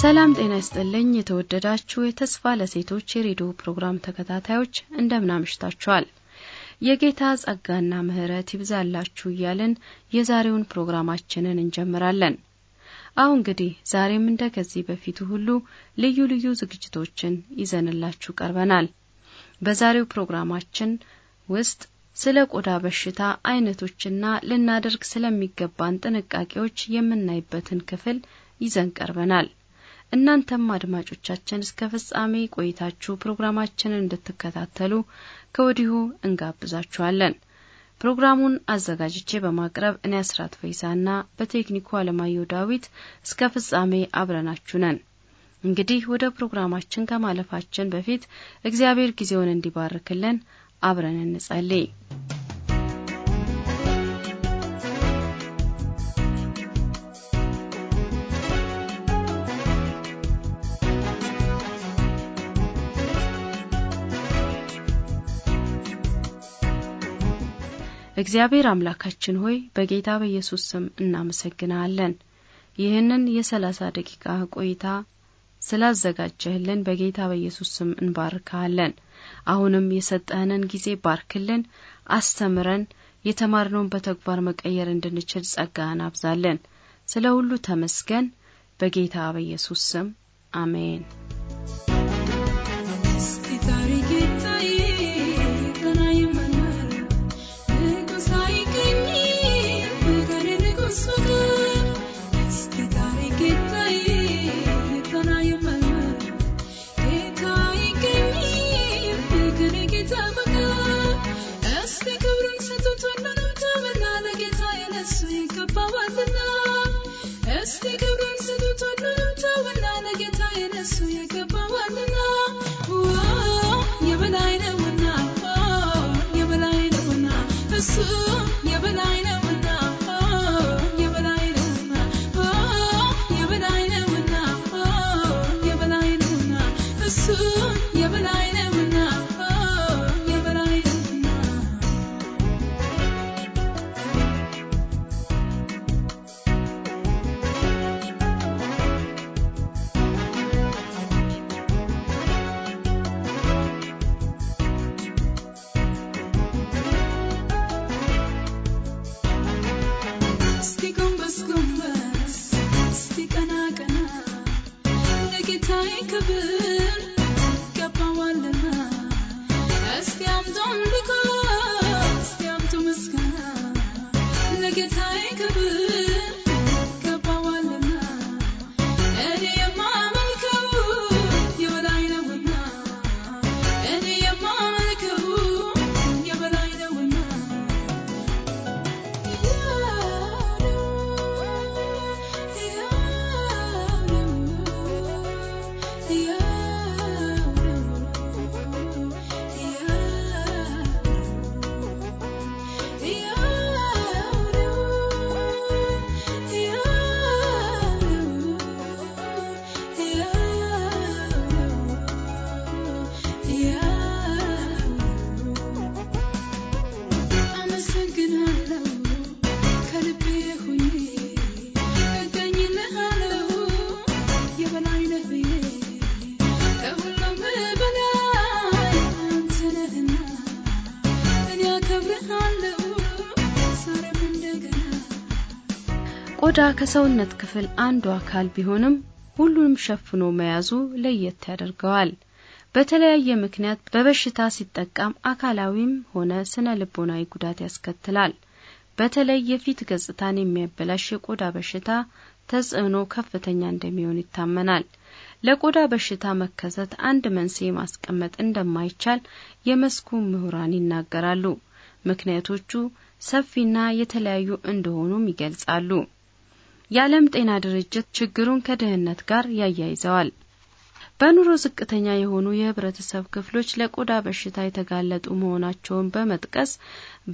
ሰላም ጤና ይስጥልኝ። የተወደዳችሁ የተስፋ ለሴቶች የሬዲዮ ፕሮግራም ተከታታዮች እንደምን አምሽታችኋል? የጌታ ጸጋና ምሕረት ይብዛላችሁ እያልን የዛሬውን ፕሮግራማችንን እንጀምራለን። አሁን እንግዲህ ዛሬም እንደ ከዚህ በፊቱ ሁሉ ልዩ ልዩ ዝግጅቶችን ይዘንላችሁ ቀርበናል። በዛሬው ፕሮግራማችን ውስጥ ስለ ቆዳ በሽታ አይነቶችና ልናደርግ ስለሚገባን ጥንቃቄዎች የምናይበትን ክፍል ይዘን ቀርበናል። እናንተም አድማጮቻችን እስከ ፍጻሜ ቆይታችሁ ፕሮግራማችንን እንድትከታተሉ ከወዲሁ እንጋብዛችኋለን። ፕሮግራሙን አዘጋጅቼ በማቅረብ እኔ አስራት ፈይሳና በቴክኒኩ አለማየሁ ዳዊት እስከ ፍጻሜ አብረናችሁ ነን። እንግዲህ ወደ ፕሮግራማችን ከማለፋችን በፊት እግዚአብሔር ጊዜውን እንዲባርክልን አብረን እንጸልይ። እግዚአብሔር አምላካችን ሆይ በጌታ በኢየሱስ ስም እናመሰግናለን። ይህንን የሰላሳ ደቂቃ ቆይታ ስላዘጋጀህልን በጌታ በኢየሱስ ስም እንባርካለን። አሁንም የሰጠህንን ጊዜ ባርክልን፣ አስተምረን፣ የተማርነውን በተግባር መቀየር እንድንችል ጸጋህን አብዛለን። ስለ ሁሉ ተመስገን። በጌታ በኢየሱስ ስም አሜን። true ቆዳ ከሰውነት ክፍል አንዱ አካል ቢሆንም ሁሉንም ሸፍኖ መያዙ ለየት ያደርገዋል። በተለያየ ምክንያት በበሽታ ሲጠቃም አካላዊም ሆነ ስነ ልቦናዊ ጉዳት ያስከትላል። በተለይ የፊት ገጽታን የሚያበላሽ የቆዳ በሽታ ተጽዕኖ ከፍተኛ እንደሚሆን ይታመናል። ለቆዳ በሽታ መከሰት አንድ መንስኤ ማስቀመጥ እንደማይቻል የመስኩ ምሁራን ይናገራሉ። ምክንያቶቹ ሰፊና የተለያዩ እንደሆኑም ይገልጻሉ። የዓለም ጤና ድርጅት ችግሩን ከድህነት ጋር ያያይዘዋል። በኑሮ ዝቅተኛ የሆኑ የህብረተሰብ ክፍሎች ለቆዳ በሽታ የተጋለጡ መሆናቸውን በመጥቀስ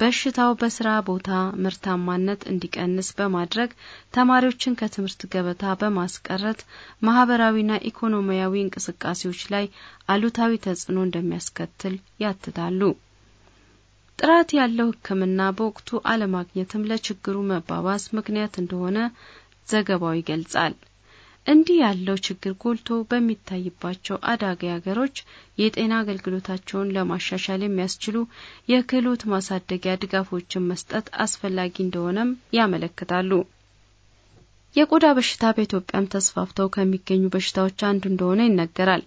በሽታው በስራ ቦታ ምርታማነት እንዲቀንስ በማድረግ ተማሪዎችን ከትምህርት ገበታ በማስቀረት ማህበራዊና ኢኮኖሚያዊ እንቅስቃሴዎች ላይ አሉታዊ ተጽዕኖ እንደሚያስከትል ያትታሉ። ጥራት ያለው ሕክምና በወቅቱ አለማግኘትም ለችግሩ መባባስ ምክንያት እንደሆነ ዘገባው ይገልጻል። እንዲህ ያለው ችግር ጎልቶ በሚታይባቸው አዳጊ ሀገሮች የጤና አገልግሎታቸውን ለማሻሻል የሚያስችሉ የክህሎት ማሳደጊያ ድጋፎችን መስጠት አስፈላጊ እንደሆነም ያመለክታሉ። የቆዳ በሽታ በኢትዮጵያም ተስፋፍተው ከሚገኙ በሽታዎች አንዱ እንደሆነ ይነገራል።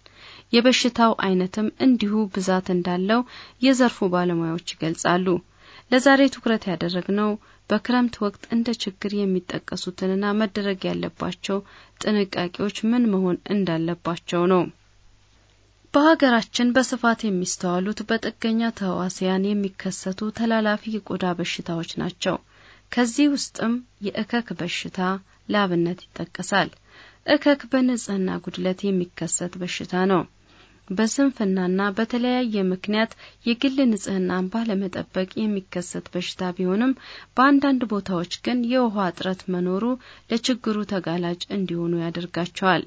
የበሽታው አይነትም እንዲሁ ብዛት እንዳለው የዘርፉ ባለሙያዎች ይገልጻሉ። ለዛሬ ትኩረት ያደረግነው በክረምት ወቅት እንደ ችግር የሚጠቀሱትንና መደረግ ያለባቸው ጥንቃቄዎች ምን መሆን እንዳለባቸው ነው። በሀገራችን በስፋት የሚስተዋሉት በጥገኛ ተህዋሲያን የሚከሰቱ ተላላፊ የቆዳ በሽታዎች ናቸው። ከዚህ ውስጥም የእከክ በሽታ ለአብነት ይጠቀሳል። እከክ በንጽህና ጉድለት የሚከሰት በሽታ ነው። በስንፍናና በተለያየ ምክንያት የግል ንጽህናን ባለመጠበቅ የሚከሰት በሽታ ቢሆንም በአንዳንድ ቦታዎች ግን የውሃ እጥረት መኖሩ ለችግሩ ተጋላጭ እንዲሆኑ ያደርጋቸዋል።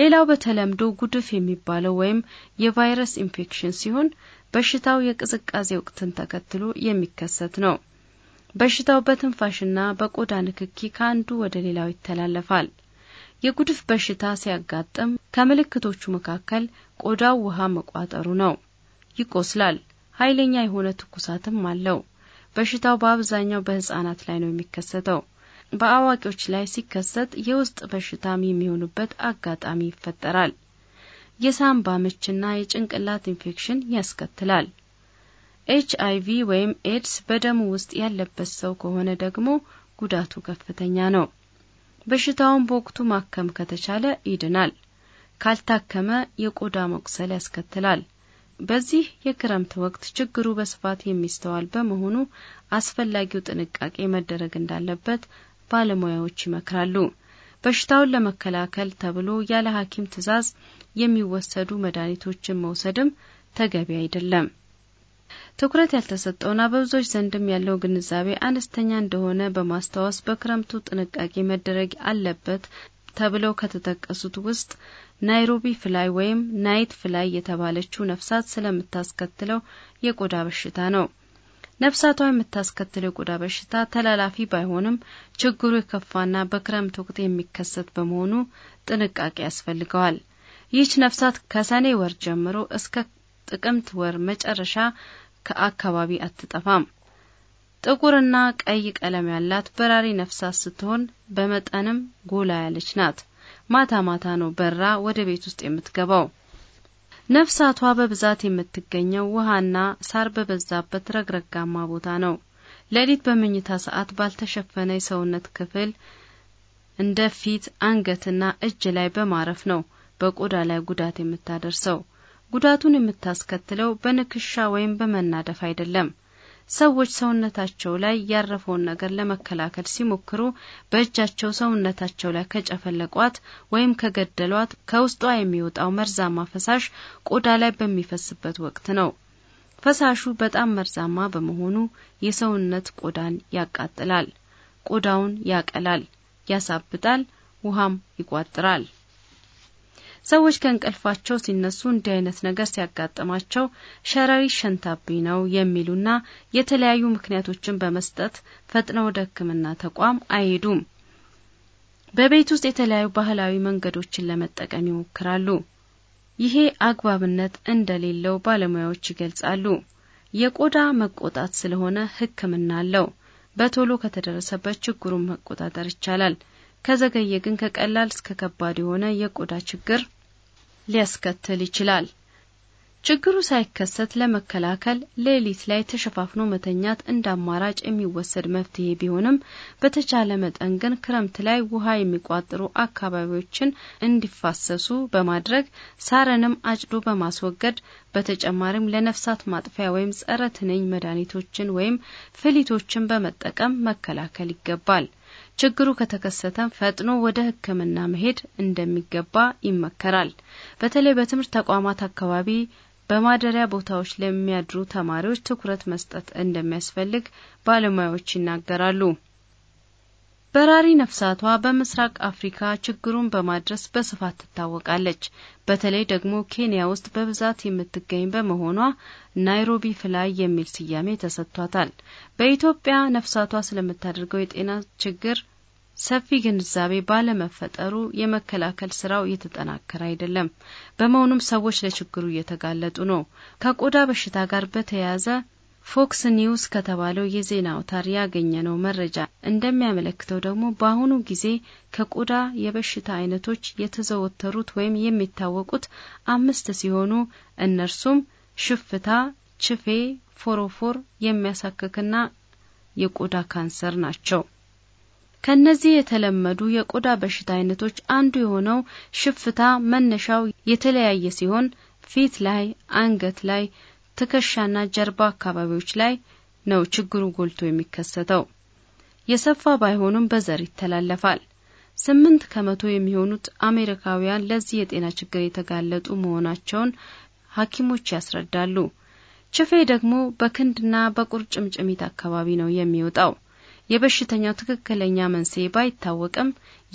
ሌላው በተለምዶ ጉድፍ የሚባለው ወይም የቫይረስ ኢንፌክሽን ሲሆን በሽታው የቅዝቃዜ ወቅትን ተከትሎ የሚከሰት ነው። በሽታው በትንፋሽና በቆዳ ንክኪ ከአንዱ ወደ ሌላው ይተላለፋል። የጉድፍ በሽታ ሲያጋጥም ከምልክቶቹ መካከል ቆዳው ውሃ መቋጠሩ ነው። ይቆስላል። ኃይለኛ የሆነ ትኩሳትም አለው። በሽታው በአብዛኛው በሕፃናት ላይ ነው የሚከሰተው። በአዋቂዎች ላይ ሲከሰት የውስጥ በሽታም የሚሆኑበት አጋጣሚ ይፈጠራል። የሳምባ ምችና የጭንቅላት ኢንፌክሽን ያስከትላል። ኤች አይ ቪ ወይም ኤድስ በደሙ ውስጥ ያለበት ሰው ከሆነ ደግሞ ጉዳቱ ከፍተኛ ነው። በሽታውን በወቅቱ ማከም ከተቻለ ይድናል። ካልታከመ የቆዳ መቁሰል ያስከትላል። በዚህ የክረምት ወቅት ችግሩ በስፋት የሚስተዋል በመሆኑ አስፈላጊው ጥንቃቄ መደረግ እንዳለበት ባለሙያዎች ይመክራሉ። በሽታውን ለመከላከል ተብሎ ያለ ሐኪም ትዕዛዝ የሚወሰዱ መድኃኒቶችን መውሰድም ተገቢ አይደለም። ትኩረት ያልተሰጠውና በብዙዎች ዘንድም ያለው ግንዛቤ አነስተኛ እንደሆነ በማስታወስ በክረምቱ ጥንቃቄ መደረግ አለበት ተብለው ከተጠቀሱት ውስጥ ናይሮቢ ፍላይ ወይም ናይት ፍላይ የተባለችው ነፍሳት ስለምታስከትለው የቆዳ በሽታ ነው። ነፍሳቷ የምታስከትለው የቆዳ በሽታ ተላላፊ ባይሆንም ችግሩ የከፋና በክረምት ወቅት የሚከሰት በመሆኑ ጥንቃቄ ያስፈልገዋል። ይህች ነፍሳት ከሰኔ ወር ጀምሮ እስከ ጥቅምት ወር መጨረሻ ከአካባቢ አትጠፋም። ጥቁርና ቀይ ቀለም ያላት በራሪ ነፍሳት ስትሆን በመጠንም ጎላ ያለች ናት። ማታ ማታ ነው በራ ወደ ቤት ውስጥ የምትገባው። ነፍሳቷ በብዛት የምትገኘው ውሃና ሳር በበዛበት ረግረጋማ ቦታ ነው። ሌሊት በመኝታ ሰዓት ባልተሸፈነ የሰውነት ክፍል እንደ ፊት፣ አንገትና እጅ ላይ በማረፍ ነው በቆዳ ላይ ጉዳት የምታደርሰው። ጉዳቱን የምታስከትለው በንክሻ ወይም በመናደፍ አይደለም። ሰዎች ሰውነታቸው ላይ ያረፈውን ነገር ለመከላከል ሲሞክሩ በእጃቸው ሰውነታቸው ላይ ከጨፈለቋት ወይም ከገደሏት ከውስጧ የሚወጣው መርዛማ ፈሳሽ ቆዳ ላይ በሚፈስበት ወቅት ነው። ፈሳሹ በጣም መርዛማ በመሆኑ የሰውነት ቆዳን ያቃጥላል፣ ቆዳውን ያቀላል፣ ያሳብጣል፣ ውሃም ይቋጥራል። ሰዎች ከእንቅልፋቸው ሲነሱ እንዲህ አይነት ነገር ሲያጋጥማቸው ሸረሪት ሸንታቢ ነው የሚሉና የተለያዩ ምክንያቶችን በመስጠት ፈጥነው ወደ ሕክምና ተቋም አይሄዱም። በቤት ውስጥ የተለያዩ ባህላዊ መንገዶችን ለመጠቀም ይሞክራሉ። ይሄ አግባብነት እንደሌለው ባለሙያዎች ይገልጻሉ። የቆዳ መቆጣት ስለሆነ ሕክምና አለው። በቶሎ ከተደረሰበት ችግሩን መቆጣጠር ይቻላል። ከዘገየ ግን ከቀላል እስከ ከባድ የሆነ የቆዳ ችግር ሊያስከትል ይችላል። ችግሩ ሳይከሰት ለመከላከል ሌሊት ላይ ተሸፋፍኖ መተኛት እንደ አማራጭ የሚወሰድ መፍትሄ ቢሆንም በተቻለ መጠን ግን ክረምት ላይ ውሃ የሚቋጥሩ አካባቢዎችን እንዲፋሰሱ በማድረግ ሳርንም አጭዶ በማስወገድ በተጨማሪም ለነፍሳት ማጥፊያ ወይም ጸረ ትንኝ መድኃኒቶችን ወይም ፍሊቶችን በመጠቀም መከላከል ይገባል። ችግሩ ከተከሰተ ፈጥኖ ወደ ሕክምና መሄድ እንደሚገባ ይመከራል። በተለይ በትምህርት ተቋማት አካባቢ በማደሪያ ቦታዎች ለሚያድሩ ተማሪዎች ትኩረት መስጠት እንደሚያስፈልግ ባለሙያዎች ይናገራሉ። በራሪ ነፍሳቷ በምስራቅ አፍሪካ ችግሩን በማድረስ በስፋት ትታወቃለች። በተለይ ደግሞ ኬንያ ውስጥ በብዛት የምትገኝ በመሆኗ ናይሮቢ ፍላይ የሚል ስያሜ ተሰጥቷታል። በኢትዮጵያ ነፍሳቷ ስለምታደርገው የጤና ችግር ሰፊ ግንዛቤ ባለመፈጠሩ የመከላከል ስራው እየተጠናከረ አይደለም። በመሆኑም ሰዎች ለችግሩ እየተጋለጡ ነው። ከቆዳ በሽታ ጋር በተያያዘ ፎክስ ኒውስ ከተባለው የዜና አውታር ያገኘነው መረጃ እንደሚያመለክተው ደግሞ በአሁኑ ጊዜ ከቆዳ የበሽታ አይነቶች የተዘወተሩት ወይም የሚታወቁት አምስት ሲሆኑ እነርሱም ሽፍታ፣ ችፌ፣ ፎሮፎር፣ የሚያሳክክና የቆዳ ካንሰር ናቸው። ከነዚህ የተለመዱ የቆዳ በሽታ አይነቶች አንዱ የሆነው ሽፍታ መነሻው የተለያየ ሲሆን ፊት ላይ፣ አንገት ላይ ትከሻና ጀርባ አካባቢዎች ላይ ነው ችግሩ ጎልቶ የሚከሰተው። የሰፋ ባይሆኑም በዘር ይተላለፋል። ስምንት ከመቶ የሚሆኑት አሜሪካውያን ለዚህ የጤና ችግር የተጋለጡ መሆናቸውን ሐኪሞች ያስረዳሉ። ችፌ ደግሞ በክንድና በቁርጭምጭሚት አካባቢ ነው የሚወጣው። የበሽተኛው ትክክለኛ መንስኤ ባይታወቅም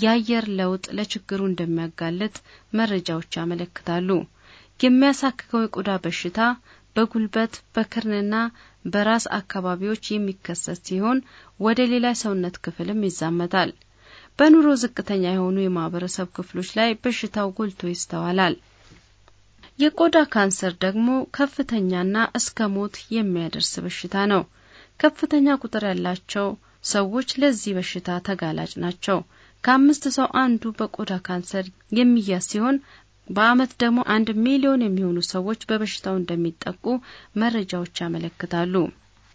የአየር ለውጥ ለችግሩ እንደሚያጋልጥ መረጃዎች ያመለክታሉ። የሚያሳክከው የቆዳ በሽታ በጉልበት በክርንና በራስ አካባቢዎች የሚከሰት ሲሆን ወደ ሌላ ሰውነት ክፍልም ይዛመታል። በኑሮ ዝቅተኛ የሆኑ የማህበረሰብ ክፍሎች ላይ በሽታው ጎልቶ ይስተዋላል። የቆዳ ካንሰር ደግሞ ከፍተኛና እስከ ሞት የሚያደርስ በሽታ ነው። ከፍተኛ ቁጥር ያላቸው ሰዎች ለዚህ በሽታ ተጋላጭ ናቸው። ከአምስት ሰው አንዱ በቆዳ ካንሰር የሚያዝ ሲሆን በአመት ደግሞ አንድ ሚሊዮን የሚሆኑ ሰዎች በበሽታው እንደሚጠቁ መረጃዎች ያመለክታሉ።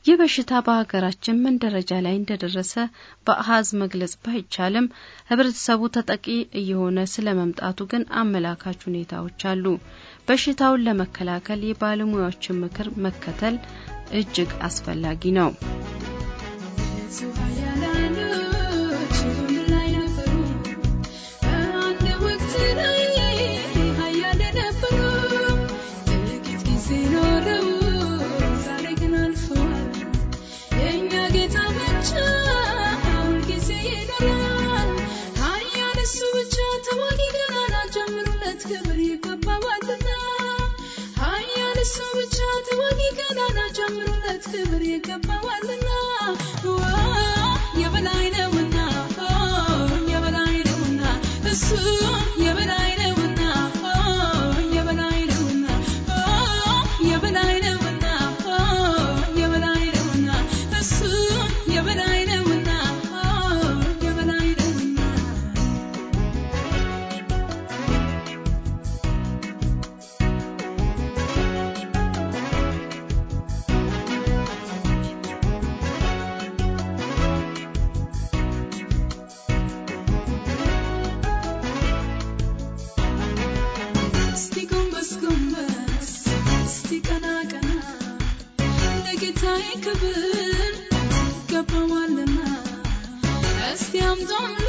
ይህ በሽታ በሀገራችን ምን ደረጃ ላይ እንደደረሰ በአሀዝ መግለጽ ባይቻልም ህብረተሰቡ ተጠቂ እየሆነ ስለ መምጣቱ ግን አመላካች ሁኔታዎች አሉ። በሽታውን ለመከላከል የባለሙያዎችን ምክር መከተል እጅግ አስፈላጊ ነው። እሱ ብቻ ተዋጊ ገናና ጨምሩለት ክብር ይገባዋልና ሀያል እሱ ብቻ ተዋጊ ገናና ጨምሩለት ክብር ይገባዋልና የበላይ ነውና የበላይ ነውና እሱ የበላይ don't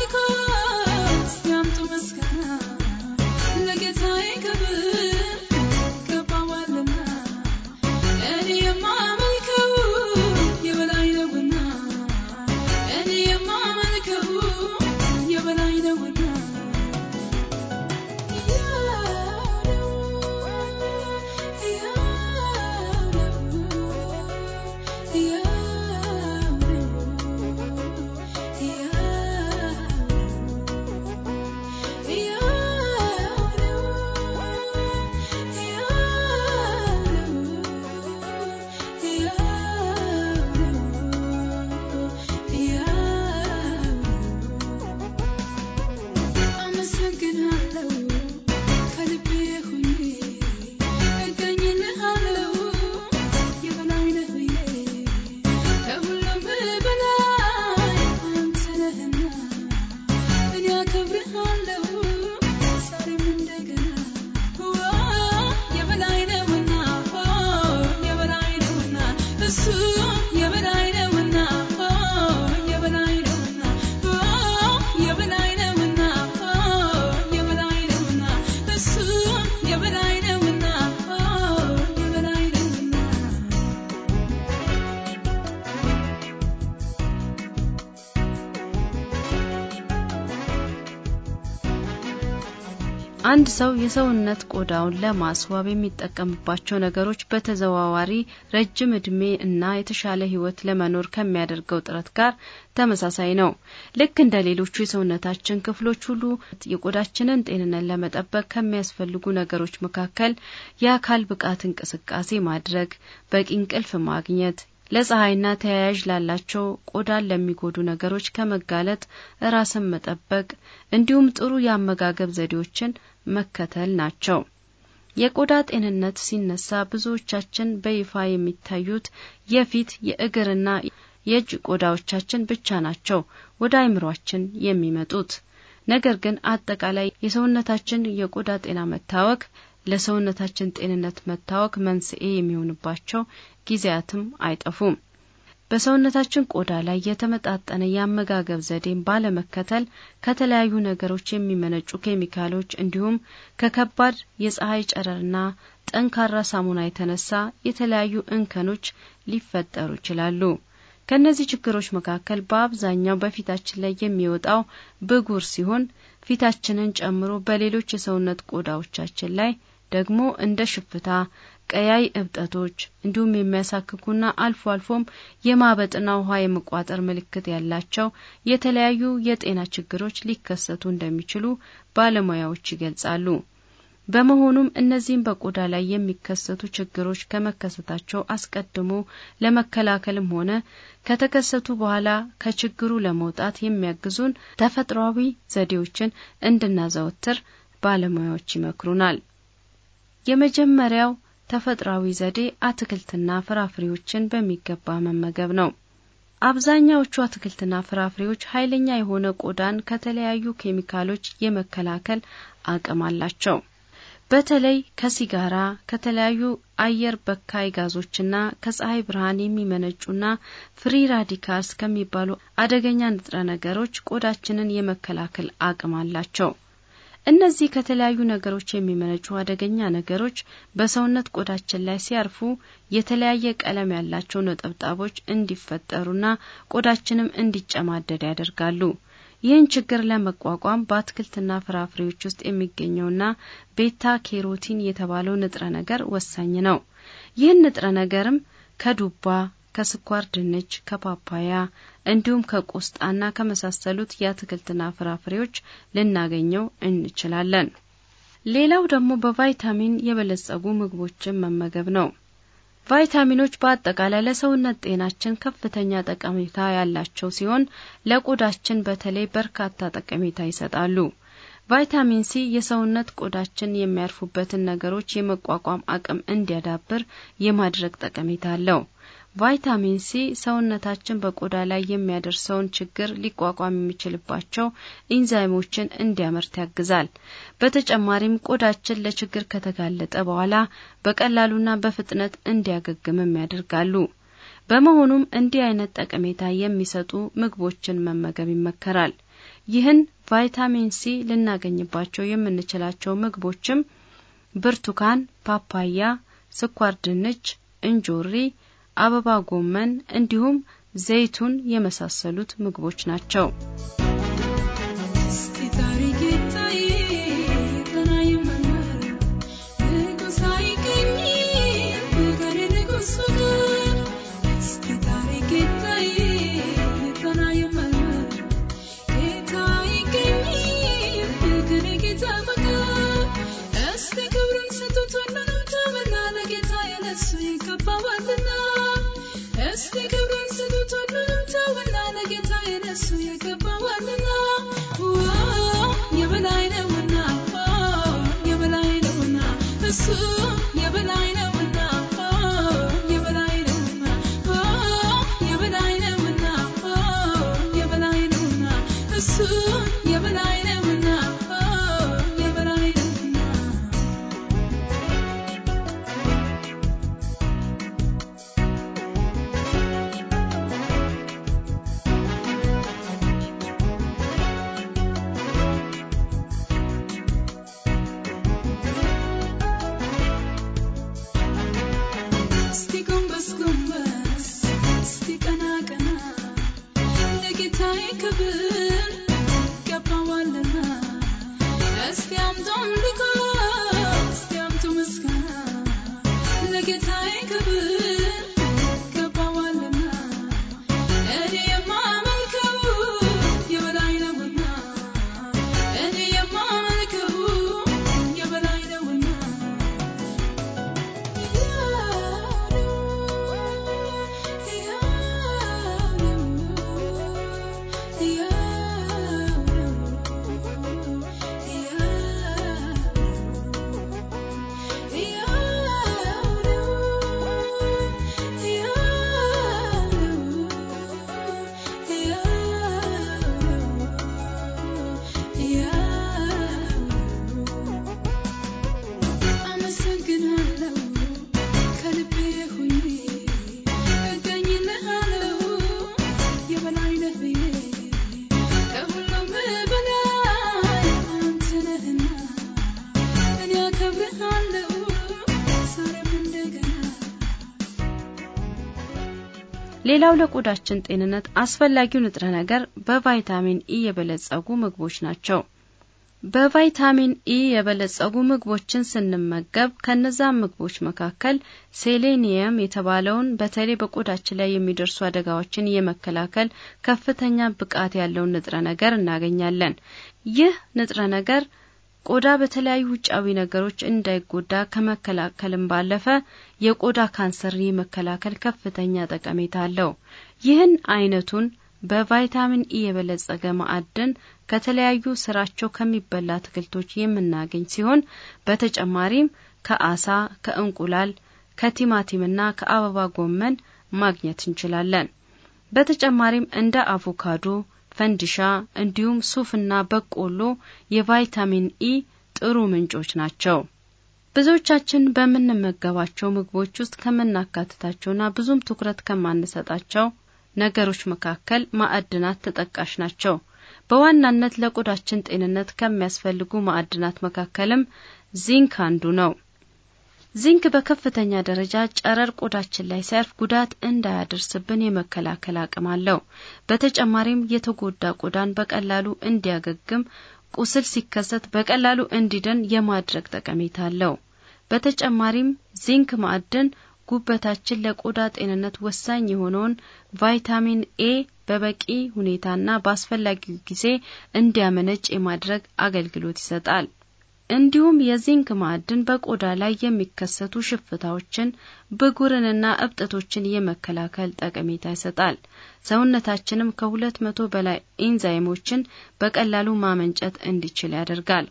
አንድ ሰው የሰውነት ቆዳውን ለማስዋብ የሚጠቀምባቸው ነገሮች በተዘዋዋሪ ረጅም እድሜ እና የተሻለ ሕይወት ለመኖር ከሚያደርገው ጥረት ጋር ተመሳሳይ ነው። ልክ እንደ ሌሎቹ የሰውነታችን ክፍሎች ሁሉ የቆዳችንን ጤንነት ለመጠበቅ ከሚያስፈልጉ ነገሮች መካከል የአካል ብቃት እንቅስቃሴ ማድረግ፣ በቂ እንቅልፍ ማግኘት፣ ለፀሐይና ተያያዥ ላላቸው ቆዳን ለሚጎዱ ነገሮች ከመጋለጥ ራስን መጠበቅ እንዲሁም ጥሩ የአመጋገብ ዘዴዎችን መከተል ናቸው። የቆዳ ጤንነት ሲነሳ ብዙዎቻችን በይፋ የሚታዩት የፊት የእግርና የእጅ ቆዳዎቻችን ብቻ ናቸው ወደ አይምሯችን የሚመጡት። ነገር ግን አጠቃላይ የሰውነታችን የቆዳ ጤና መታወክ ለሰውነታችን ጤንነት መታወክ መንስኤ የሚሆንባቸው ጊዜያትም አይጠፉም። በሰውነታችን ቆዳ ላይ የተመጣጠነ የአመጋገብ ዘዴን ባለመከተል ከተለያዩ ነገሮች የሚመነጩ ኬሚካሎች እንዲሁም ከከባድ የፀሐይ ጨረርና ጠንካራ ሳሙና የተነሳ የተለያዩ እንከኖች ሊፈጠሩ ይችላሉ። ከእነዚህ ችግሮች መካከል በአብዛኛው በፊታችን ላይ የሚወጣው ብጉር ሲሆን ፊታችንን ጨምሮ በሌሎች የሰውነት ቆዳዎቻችን ላይ ደግሞ እንደ ሽፍታ ቀያይ እብጠቶች እንዲሁም የሚያሳክኩና አልፎ አልፎም የማበጥና ውሃ የመቋጠር ምልክት ያላቸው የተለያዩ የጤና ችግሮች ሊከሰቱ እንደሚችሉ ባለሙያዎች ይገልጻሉ። በመሆኑም እነዚህም በቆዳ ላይ የሚከሰቱ ችግሮች ከመከሰታቸው አስቀድሞ ለመከላከልም ሆነ ከተከሰቱ በኋላ ከችግሩ ለመውጣት የሚያግዙን ተፈጥሯዊ ዘዴዎችን እንድናዘወትር ባለሙያዎች ይመክሩናል። የመጀመሪያው ተፈጥሯዊ ዘዴ አትክልትና ፍራፍሬዎችን በሚገባ መመገብ ነው። አብዛኛዎቹ አትክልትና ፍራፍሬዎች ኃይለኛ የሆነ ቆዳን ከተለያዩ ኬሚካሎች የመከላከል አቅም አላቸው። በተለይ ከሲጋራ፣ ከተለያዩ አየር በካይ ጋዞችና ከፀሐይ ብርሃን የሚመነጩና ፍሪ ራዲካልስ ከሚባሉ አደገኛ ንጥረ ነገሮች ቆዳችንን የመከላከል አቅም አላቸው። እነዚህ ከተለያዩ ነገሮች የሚመነጩ አደገኛ ነገሮች በሰውነት ቆዳችን ላይ ሲያርፉ የተለያየ ቀለም ያላቸው ነጠብጣቦች እንዲፈጠሩና ቆዳችንም እንዲጨማደድ ያደርጋሉ። ይህን ችግር ለመቋቋም በአትክልትና ፍራፍሬዎች ውስጥ የሚገኘውና ቤታ ኬሮቲን የተባለው ንጥረ ነገር ወሳኝ ነው። ይህን ንጥረ ነገርም ከዱባ ከስኳር ድንች፣ ከፓፓያ እንዲሁም ከቆስጣና ከመሳሰሉት የአትክልትና ፍራፍሬዎች ልናገኘው እንችላለን። ሌላው ደግሞ በቫይታሚን የበለጸጉ ምግቦችን መመገብ ነው። ቫይታሚኖች በአጠቃላይ ለሰውነት ጤናችን ከፍተኛ ጠቀሜታ ያላቸው ሲሆን ለቆዳችን በተለይ በርካታ ጠቀሜታ ይሰጣሉ። ቫይታሚን ሲ የሰውነት ቆዳችን የሚያርፉበትን ነገሮች የመቋቋም አቅም እንዲያዳብር የማድረግ ጠቀሜታ አለው። ቫይታሚን ሲ ሰውነታችን በቆዳ ላይ የሚያደርሰውን ችግር ሊቋቋም የሚችልባቸው ኢንዛይሞችን እንዲያመርት ያግዛል። በተጨማሪም ቆዳችን ለችግር ከተጋለጠ በኋላ በቀላሉና በፍጥነት እንዲያገግምም ያደርጋሉ። በመሆኑም እንዲህ አይነት ጠቀሜታ የሚሰጡ ምግቦችን መመገብ ይመከራል። ይህን ቫይታሚን ሲ ልናገኝባቸው የምንችላቸው ምግቦችም ብርቱካን፣ ፓፓያ፣ ስኳር ድንች፣ እንጆሪ አበባ ጎመን እንዲሁም ዘይቱን የመሳሰሉት ምግቦች ናቸው። to ሌላው ለቆዳችን ጤንነት አስፈላጊው ንጥረ ነገር በቫይታሚን ኢ e የበለጸጉ ምግቦች ናቸው። በቫይታሚን ኢ e የበለጸጉ ምግቦችን ስንመገብ ከነዛም ምግቦች መካከል ሴሌኒየም የተባለውን በተለይ በቆዳችን ላይ የሚደርሱ አደጋዎችን የመከላከል ከፍተኛ ብቃት ያለውን ንጥረ ነገር እናገኛለን። ይህ ንጥረ ነገር ቆዳ በተለያዩ ውጫዊ ነገሮች እንዳይጎዳ ከመከላከልም ባለፈ የቆዳ ካንሰር የመከላከል ከፍተኛ ጠቀሜታ አለው። ይህን አይነቱን በቫይታሚን ኢ የበለጸገ ማዕድን ከተለያዩ ስራቸው ከሚበላ አትክልቶች የምናገኝ ሲሆን በተጨማሪም ከአሳ፣ ከእንቁላል፣ ከቲማቲምና ከአበባ ጎመን ማግኘት እንችላለን። በተጨማሪም እንደ አቮካዶ ፈንዲሻ እንዲሁም ሱፍና በቆሎ የቫይታሚን ኢ ጥሩ ምንጮች ናቸው። ብዙዎቻችን በምንመገባቸው ምግቦች ውስጥ ከምናካትታቸውና ብዙም ትኩረት ከማንሰጣቸው ነገሮች መካከል ማዕድናት ተጠቃሽ ናቸው። በዋናነት ለቆዳችን ጤንነት ከሚያስፈልጉ ማዕድናት መካከልም ዚንክ አንዱ ነው። ዚንክ በከፍተኛ ደረጃ ጨረር ቆዳችን ላይ ሲያርፍ ጉዳት እንዳያደርስብን የመከላከል አቅም አለው። በተጨማሪም የተጎዳ ቆዳን በቀላሉ እንዲያገግም፣ ቁስል ሲከሰት በቀላሉ እንዲድን የማድረግ ጠቀሜታ አለው። በተጨማሪም ዚንክ ማዕድን ጉበታችን ለቆዳ ጤንነት ወሳኝ የሆነውን ቫይታሚን ኤ በበቂ ሁኔታና በአስፈላጊው ጊዜ እንዲያመነጭ የማድረግ አገልግሎት ይሰጣል። እንዲሁም የዚንክ ማዕድን በቆዳ ላይ የሚከሰቱ ሽፍታዎችን ብጉርንና እብጠቶችን የመከላከል ጠቀሜታ ይሰጣል። ሰውነታችንም ከሁለት መቶ በላይ ኢንዛይሞችን በቀላሉ ማመንጨት እንዲችል ያደርጋል።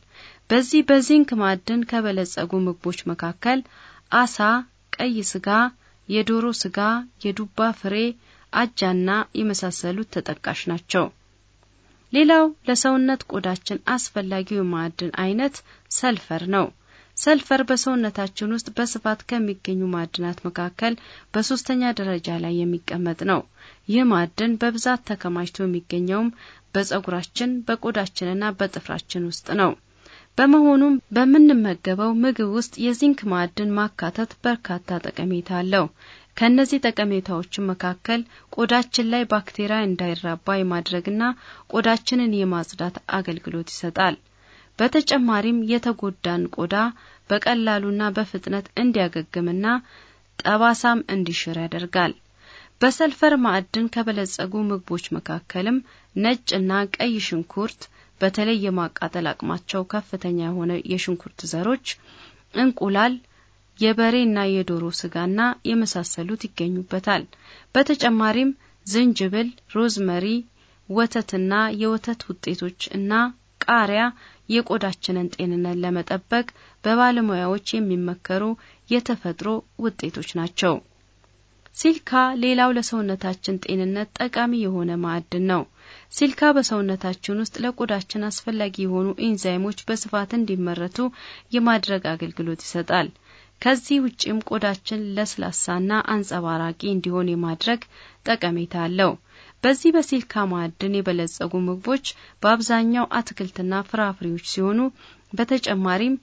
በዚህ በዚንክ ማዕድን ከበለጸጉ ምግቦች መካከል አሳ፣ ቀይ ስጋ፣ የዶሮ ስጋ፣ የዱባ ፍሬ፣ አጃና የመሳሰሉት ተጠቃሽ ናቸው። ሌላው ለሰውነት ቆዳችን አስፈላጊው የማዕድን አይነት ሰልፈር ነው። ሰልፈር በሰውነታችን ውስጥ በስፋት ከሚገኙ ማዕድናት መካከል በሶስተኛ ደረጃ ላይ የሚቀመጥ ነው። ይህ ማዕድን በብዛት ተከማችቶ የሚገኘውም በጸጉራችን በቆዳችንና በጥፍራችን ውስጥ ነው። በመሆኑም በምንመገበው ምግብ ውስጥ የዚንክ ማዕድን ማካተት በርካታ ጠቀሜታ አለው። ከእነዚህ ጠቀሜታዎች መካከል ቆዳችን ላይ ባክቴሪያ እንዳይራባ የማድረግና ቆዳችንን የማጽዳት አገልግሎት ይሰጣል። በተጨማሪም የተጎዳን ቆዳ በቀላሉና በፍጥነት እንዲያገግምና ጠባሳም እንዲሽር ያደርጋል። በሰልፈር ማዕድን ከበለጸጉ ምግቦች መካከልም ነጭና ቀይ ሽንኩርት በተለይ የማቃጠል አቅማቸው ከፍተኛ የሆነ የሽንኩርት ዘሮች፣ እንቁላል፣ የበሬና የዶሮ ስጋና የመሳሰሉት ይገኙበታል። በተጨማሪም ዝንጅብል፣ ሮዝመሪ፣ ወተትና የወተት ውጤቶች እና ቃሪያ የቆዳችንን ጤንነት ለመጠበቅ በባለሙያዎች የሚመከሩ የተፈጥሮ ውጤቶች ናቸው። ሲልካ ሌላው ለሰውነታችን ጤንነት ጠቃሚ የሆነ ማዕድን ነው። ሲልካ በሰውነታችን ውስጥ ለቆዳችን አስፈላጊ የሆኑ ኢንዛይሞች በስፋት እንዲመረቱ የማድረግ አገልግሎት ይሰጣል። ከዚህ ውጪም ቆዳችን ለስላሳና አንጸባራቂ እንዲሆን የማድረግ ጠቀሜታ አለው። በዚህ በሲልካ ማዕድን የበለጸጉ ምግቦች በአብዛኛው አትክልትና ፍራፍሬዎች ሲሆኑ በተጨማሪም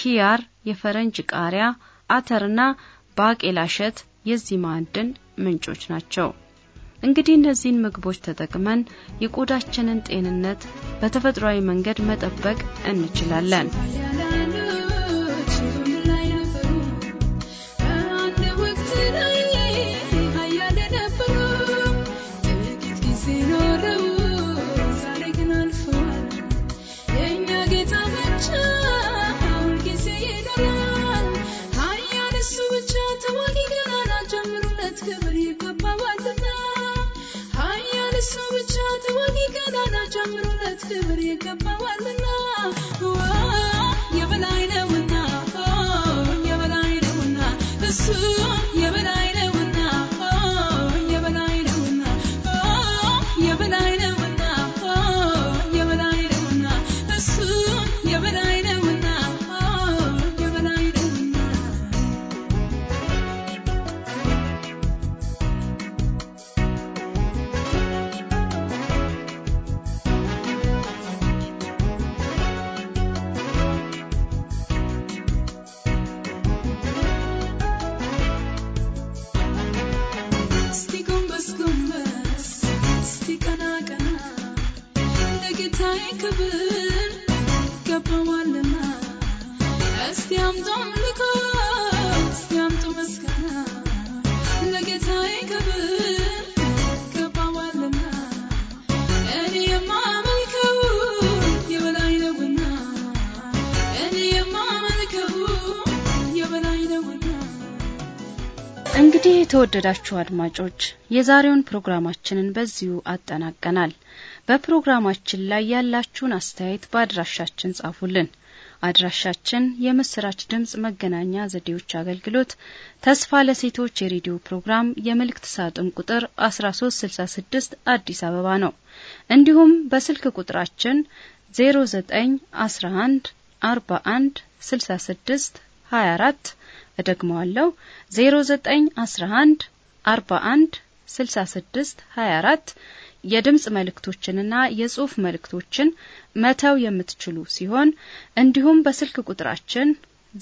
ኪያር፣ የፈረንጅ ቃሪያ፣ አተርና ባቄላ እሸት የዚህ ማዕድን ምንጮች ናቸው። እንግዲህ እነዚህን ምግቦች ተጠቅመን የቆዳችንን ጤንነት በተፈጥሯዊ መንገድ መጠበቅ እንችላለን። ጨምሩለት ክብር ይገባዋልና የበላይ ነውና የበላይ ነውና እሱ እንግዲህ የተወደዳችሁ አድማጮች የዛሬውን ፕሮግራማችንን በዚሁ አጠናቀናል። በፕሮግራማችን ላይ ያላችሁን አስተያየት በአድራሻችን ጻፉልን። አድራሻችን የምስራች ድምፅ መገናኛ ዘዴዎች አገልግሎት ተስፋ ለሴቶች የሬዲዮ ፕሮግራም የመልእክት ሳጥን ቁጥር 1366 አዲስ አበባ ነው። እንዲሁም በስልክ ቁጥራችን 0911 41 66 24 እደግመዋለሁ 0911 41 66 24 የድምፅ መልእክቶችንና የጽሑፍ መልእክቶችን መተው የምትችሉ ሲሆን እንዲሁም በስልክ ቁጥራችን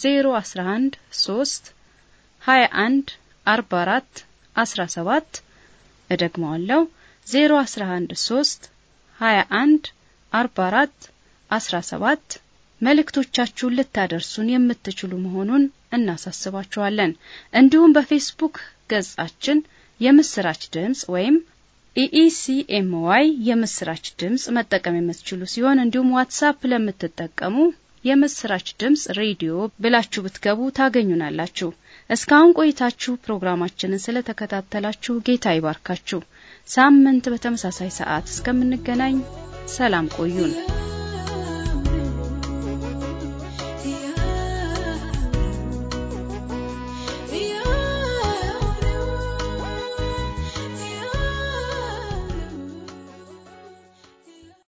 011 3 21 44 17 እደግመዋለሁ 011 3 21 44 17 መልእክቶቻችሁን ልታደርሱን የምትችሉ መሆኑን እናሳስባችኋለን። እንዲሁም በፌስቡክ ገጻችን የምስራች ድምጽ ወይም ኢኢሲኤምዋይ የምስራች ድምጽ መጠቀም የምትችሉ ሲሆን እንዲሁም ዋትሳፕ ለምትጠቀሙ የምስራች ድምጽ ሬዲዮ ብላችሁ ብትገቡ ታገኙናላችሁ። እስካሁን ቆይታችሁ ፕሮግራማችንን ስለተከታተላችሁ ጌታ ይባርካችሁ። ሳምንት በተመሳሳይ ሰዓት እስከምንገናኝ ሰላም ቆዩን።